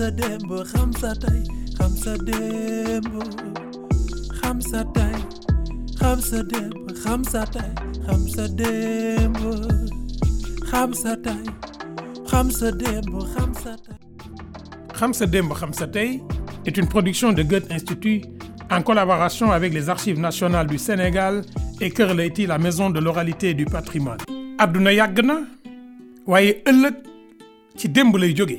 sa xam sa tey xam sa tey xam production de Goethe Institut en collaboration avec les Archives nationales du Sénégal et Kër Leyti la maison de l'oralité et du patrimoine. àdduna yàgg na waaye ci démb lay jóge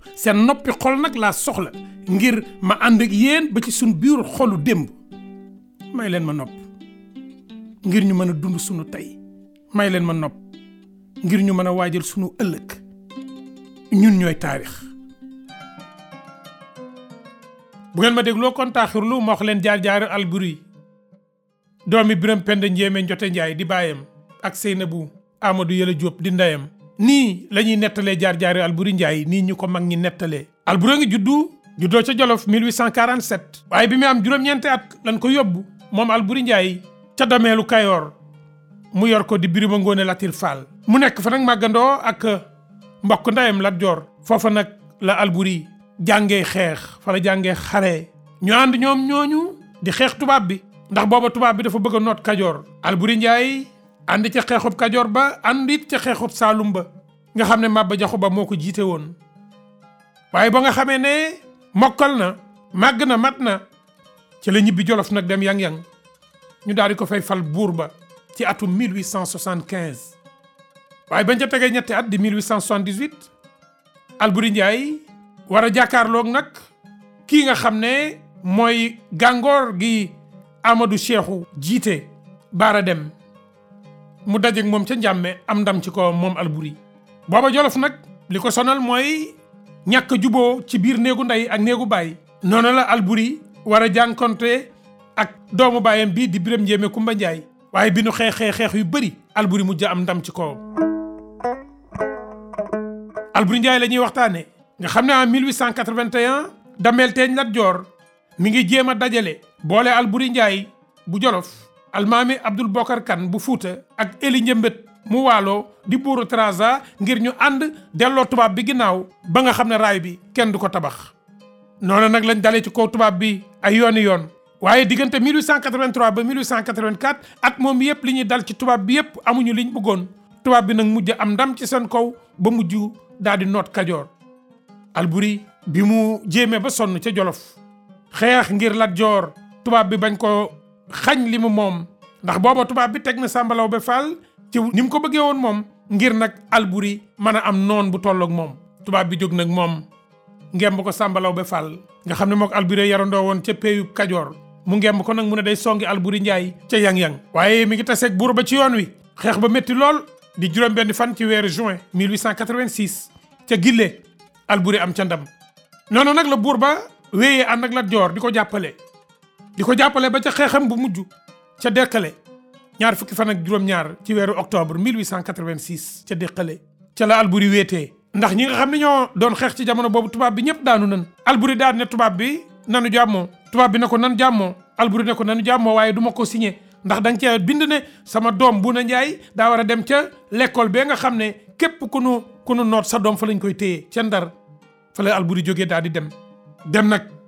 seen noppi xol nag laa soxla ngir ma ànd ak yéen ba ci suñ biir xolu démb may leen ma nopp ngir ñu mën a dund sunu tey may leen ma nopp ngir ñu mën a waajal sunu ëllëg ñun ñooy taarix bu ngeen ma dégloo kon taaxirlu ma wax leen jaar-jaari Alburi doomi Biram Penda njéemé Njote Njaay di baayam ak seyna bu Amadou Yëla Jóob di ndeyam nii la ñuy nettalee jaar-jaari Alburi Njaay nii ñu ko mag ñi nettalee Alburi ngi juddu juddoo ca Jolof 1847 waaye bi mu am juróom-ñeenti at lañ ko yóbbu moom Alburi Njaay ca dameelu Kayoor mu yor ko di Birima Ngoone Latir Fall mu nekk fa nag màggandoo ak mbokk ndeyam Lat Joor foofa nag la Alburi jàngee xeex fa la jàngee xare ñu ànd ñoom ñooñu di xeex tubaab bi ndax booba tubaab bi dafa bëgg a noot Kajoor Alburi Njaay ànd ca xeexub kajoor ba ànd ca xeexub saalum ba nga xam ne màbba Jaxu Ba moo ko jiite woon waaye ba nga xamee ne mokkal na màgg na mat na ci la ñibbi jolof nag dem yang-yang ñu daal di ko fay fal buur ba ci atum 1875 waaye bañ ca tegee ñetti at di 1878 Alburi Njaay war a jàkkaarloog nag kii nga xam ne mooy gàngoor gi Amadou Cheikhou jiite baara dem mu dajeeg moom ca njàmme am ndam ci ko moom Alburi booba Jolof nag li ko sonal mooy ñàkk juboo ci biir néegu nday ak néegu baay noonu la Alburi war a jànkonte ak doomu baayam bii di Biram Njéeme Kumba Njaay waaye bi nu xeexee xeex yu bëri Alburi mujj am ndam ci kawam Alburi Njaay la ñuy waxtaane nga xam ne en 1881 Damel Teeñ Lat Joor mi ngi jéem a dajale boole Alburi Njaay bu Jolof almaami Abdul Bokar Kan bu Fuuta ak Eli Njëmbët mu waaloo di buuru Trasa ngir ñu ànd delloo tubaab bi ginnaaw ba nga xam ne raay bi kenn du ko tabax. noonu nag lañ dalee ci kow tubaab bi ay yooni yoon waaye diggante 1883 ba 1884 at moom yëpp li ñuy dal ci tubaab bi yëpp amuñu liñ bëggoon tubaab bi nag mujj am ndam ci seen kaw ba mujj daal di noot Kajoor. Alburi bi mu jéemee ba sonn ca Jolof xeex ngir Lat Joor tubaab bi bañ ko xañ li mu moom ndax booba tubaab bi teg na Samba Laobé Fall ci ni mu ko bëggee woon moom ngir nag Alburi mën a am noon bu tolloog moom tubaab bi jóg nag moom ngemb ko Samba Laobé Fall nga xam ne mook Alburi yarandoo woon ca péeyu Kajoor mu ngemb ko nag mu ne day songi Alburi Njaay ca yang-yang waaye mi ngi taseeg buur ba ci yoon wi xeex ba métti lool di juróom benn fan ci weeru juin 1886 ca Gille Alburi am ca ndam noonu nag la buur ba wéyee ànd ak Joor di ko jàppale di ko jàppale ba ca xeexam bu mujj ca Dekkale ñaar fukki fan ak juróom-ñaar ci weeru octobre 1886 ca Dekkale ca la Alburi wéetee ndax ñi nga xam ne ñoo doon xeex ci jamono boobu tubaab bi ñëpp daanu nan Alburi daan ne tubaab bi nanu jàmmoo tubaab bi ne ko nan jàmmoo Alburi ne ko nanu jàmmoo waaye du ko signé ndax da nga cee bind ne sama doom bu ne njaay daa war a dem ca l'école bee nga xam ne képp ku nu ku nu noot sa doom fa lañ koy téye ca ndar fa la Alburi jógee daal di dem dem nag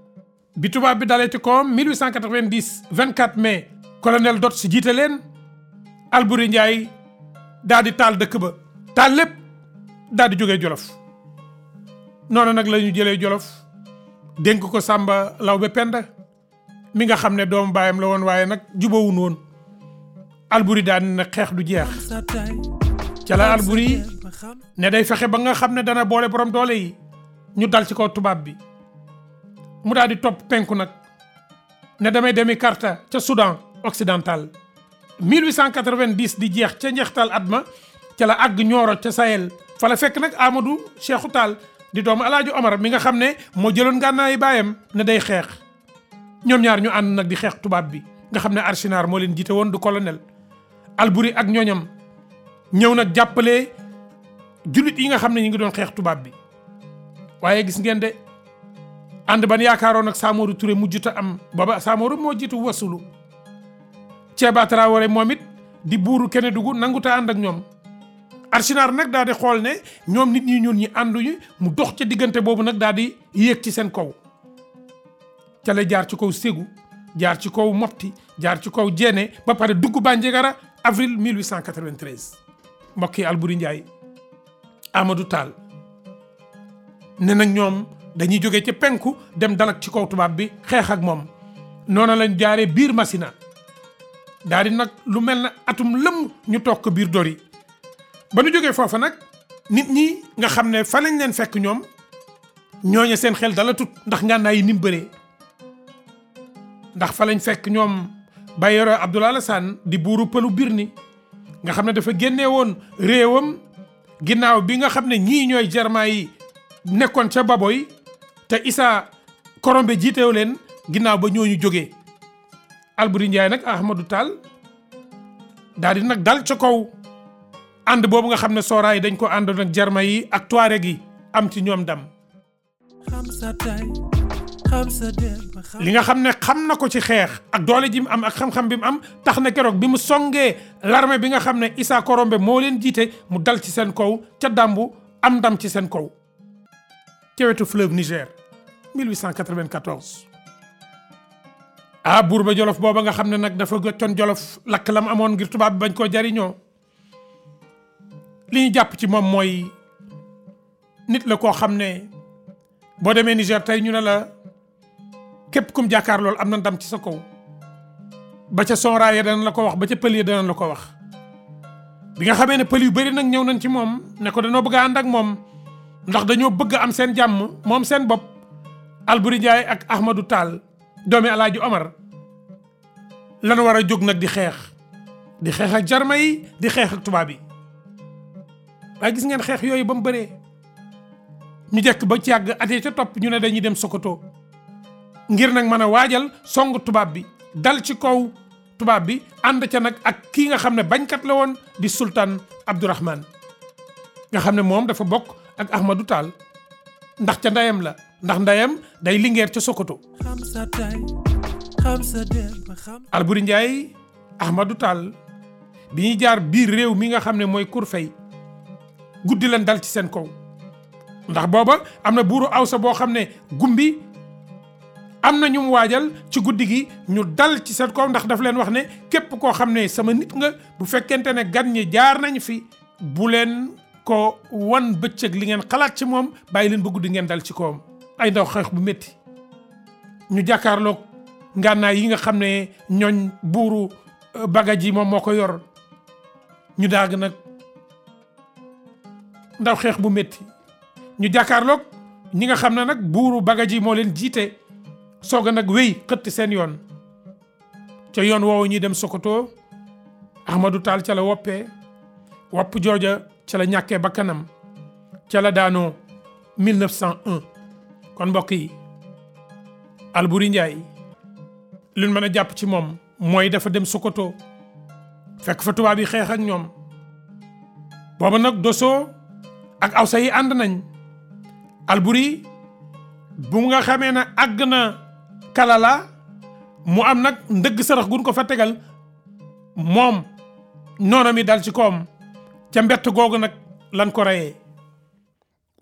bi tubaab bi dalee ci kawam 1890 24 mai colonel Dot si jiite leen Alburi Njaay daal di taal dëkk ba taal lépp daal di jógee Jolof noonu nag la ñu jëlee Jolof dénk ko Sàmba Lawbe Penda mi nga xam ne doomu baayam la woon waaye nag jubawun woon Alburi daal ne nag xeex du jeex ca la Alburi ne day fexe ba nga xam ne dana boole boroom doole yi ñu dal ci ko tubaab bi mu daa di topp penku nag ne damay demi Karta ca Soudan occidental 1890 di jeex ca njeextal at ma ca la àgg Nioro ca Sahel fa la fekk nag Amadou Cheikhou taal di doomu El Omar mi nga xam ne moo jëloon gànnaayu baayam ne day xeex ñoom ñaar ñu ànd nag di xeex tubaab bi nga xam ne Archinard moo leen jiite woon du colonel alburi ak ñooñam ñëw nag jàppale jullit yi nga xam ne ñu ngi doon xeex tubaab bi waaye gis ngeen de ànd ban yaakaaroon ak Samori Touré mujjut a am booba Samori moo jiitu wasulu Thieba Traoré moom it di buuru Kénédougou nanguta ànd ak ñoom Archinard nag daal di xool ne ñoom nit ñi ñun ñi ànduñu mu dox ca diggante boobu nag daal di yéeg ci seen kaw ca jaar ci kaw Ségou jaar ci kaw Mopti jaar ci kaw Diéné ba pare dugg Bandiagara avril 1893 mbokk yi Alboury Ndiaye Amadou Tall ne nag ñoom dañuy jóge ci penku dem dalak ci kaw tubaab bi xeex ak moom noona lañ jaaree biir Masina daal di nag lu mel na atum lëmm ñu toog ko biir Dori ba nu jógee foofa nag nit ñi nga xam ne fa lañ leen fekk ñoom ñooñe seen xel dala tut ndax ngànnaay yi ni mu bëree ndax fa lañ fekk ñoom yore Abdoul Alassane di buuru pëlu Birni nga xam ne dafa génnee woon réewam ginnaaw bi nga xam ne ñii ñooy Germain yi nekkoon ca Baboy te Issa Korombe jiitew leen ginnaaw ba ñooñu jógee Alburi Ndiaye nag Ahmadou Tall daal di nag dal ca kaw ànd boobu nga xam ne sooraay dañ ko àndoon jarma yi ak tuareg yi am ci ñoom dam li nga xam ne xam na ko ci xeex ak doole ji mu am ak xam-xam bi mu am tax na keroog bi mu songee l'armée bi nga xam ne Issa Korombe moo leen jiite mu dal ci seen kaw ca dàmbu am dam ci seen kaw ca wetu fleuve Niger 1894 ah buur ba jolof booba nga xam ne nag dafa gëccoon jolof lakk lam amoon ngir tubaab bi bañ koo jariñoo li ñu jàpp ci moom mooy nit la koo xam ne boo demee Niger tey ñu ne la képp kum jàkkaar loolu am na ndam ci sa kaw ba ca sonra ya danañ la ko wax ba ca pël ya danañ la ko wax bi nga xamee ne pël yu bari nag ñëw nañ ci moom ne ko dañoo bëgg a ànd ak moom ndax dañoo bëgg am seen jàmm moom seen bopp Alburi Njaay ak Ahmadou taal doomi Alaaji Omar lan war a jóg nag di xeex di xeex ak jarma yi di xeex tubaab yi waaye gis ngeen xeex yooyu ba mu bëree ñu jekk ba ci yàgg atee ca topp ñu ne dañuy dem Sokoto ngir nag mën a waajal song tubaab bi dal ci kaw tubaab bi ànd ca nag ak kii nga xam ne bañkat la woon di sultaan Abdourahman nga xam ne moom dafa bokk ak Ahmadou Tall ndax ca ndayam la ndax ndayam day Linguère ca Sokoto. Alburi Ndiaye Ahmadou Tall bi ñuy jaar biir réew mi nga xam ne mooy Kurfey guddi lan dal ci seen kaw ndax booba am na buuru awsa boo xam ne gumbi am na ñu waajal ci guddi gi ñu dal ci seen kaw ndax daf leen wax ne képp koo xam ne sama nit nga bu fekkente ne gan ñi jaar nañ fi bu leen ko wan bëccëg li ngeen xalaat ci moom bàyyi leen ba guddi ngeen dal ci koom ay ndaw xeex bu métti ñu jàkkaarloog ngànnaay yi nga xam ne ñooñ buuru euh, bagage yi moom moo ko yor ñu daag nag ndaw xeex bu métti ñu jàkkaarloog ñi nga xam ne nag buuru bagage yi moo leen jiite soog a nag wéy xëtt seen yoon ca yoon woowu ñuy dem Sokoto Ahmadou Tall ca la woppee wopp jooja ca la ñàkkee bakkanam ca la daanoo 1901 kon mbokk yi Alboury njaay luñ mën a jàpp ci moom mooy dafa dem Sokoto fekk fa tubaab yi xeex ak ñoom booba nag dosoo ak Awsa yi ànd nañ Alboury bu nga xamee na àgg na Kalala mu am nag ndëgg sarax gun ko fa tegal moom noona mi dal ci koom ca mbett googu nag lan ko reyee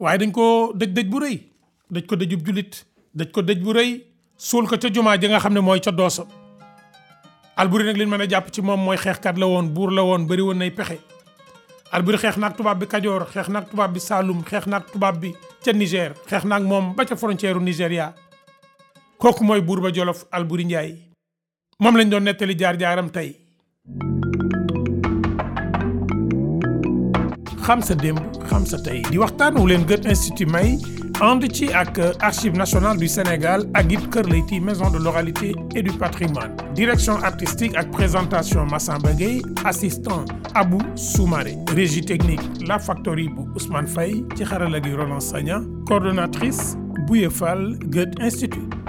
waaye dañ ko dëj dëj bu rëy daj ko dëjub jullit daj ko dëj bu rëy suul ko ca jumaa ji nga xam ne mooy ca doosa Alburi nag li ñu a jàpp ci moom mooy xeexkat la woon buur la woon bari woon nay pexe Alburi xeex naag tubaab bi Kajoor xeex naag tubaab bi Saalum xeex naag tubaab bi ca Niger xeex moom ba ca frontière u kooku mooy buur ba Jolof Alburi Njaay moom lañ doon nettali jaar-jaaram tey xam sa démb sa tey di waxtaan wu leen Goethe Institut may ànd ci ak Archives nationale du Sénégal ak it Kër Leyti maison de l'oralité et du patrimoine direction artistique ak présentation massan Gueye assistant abu Soumaré régie technique La Factory bu Ousmane Faye ci xarala gi Roland Sagna coordonnatrice Bouye Goethe Institut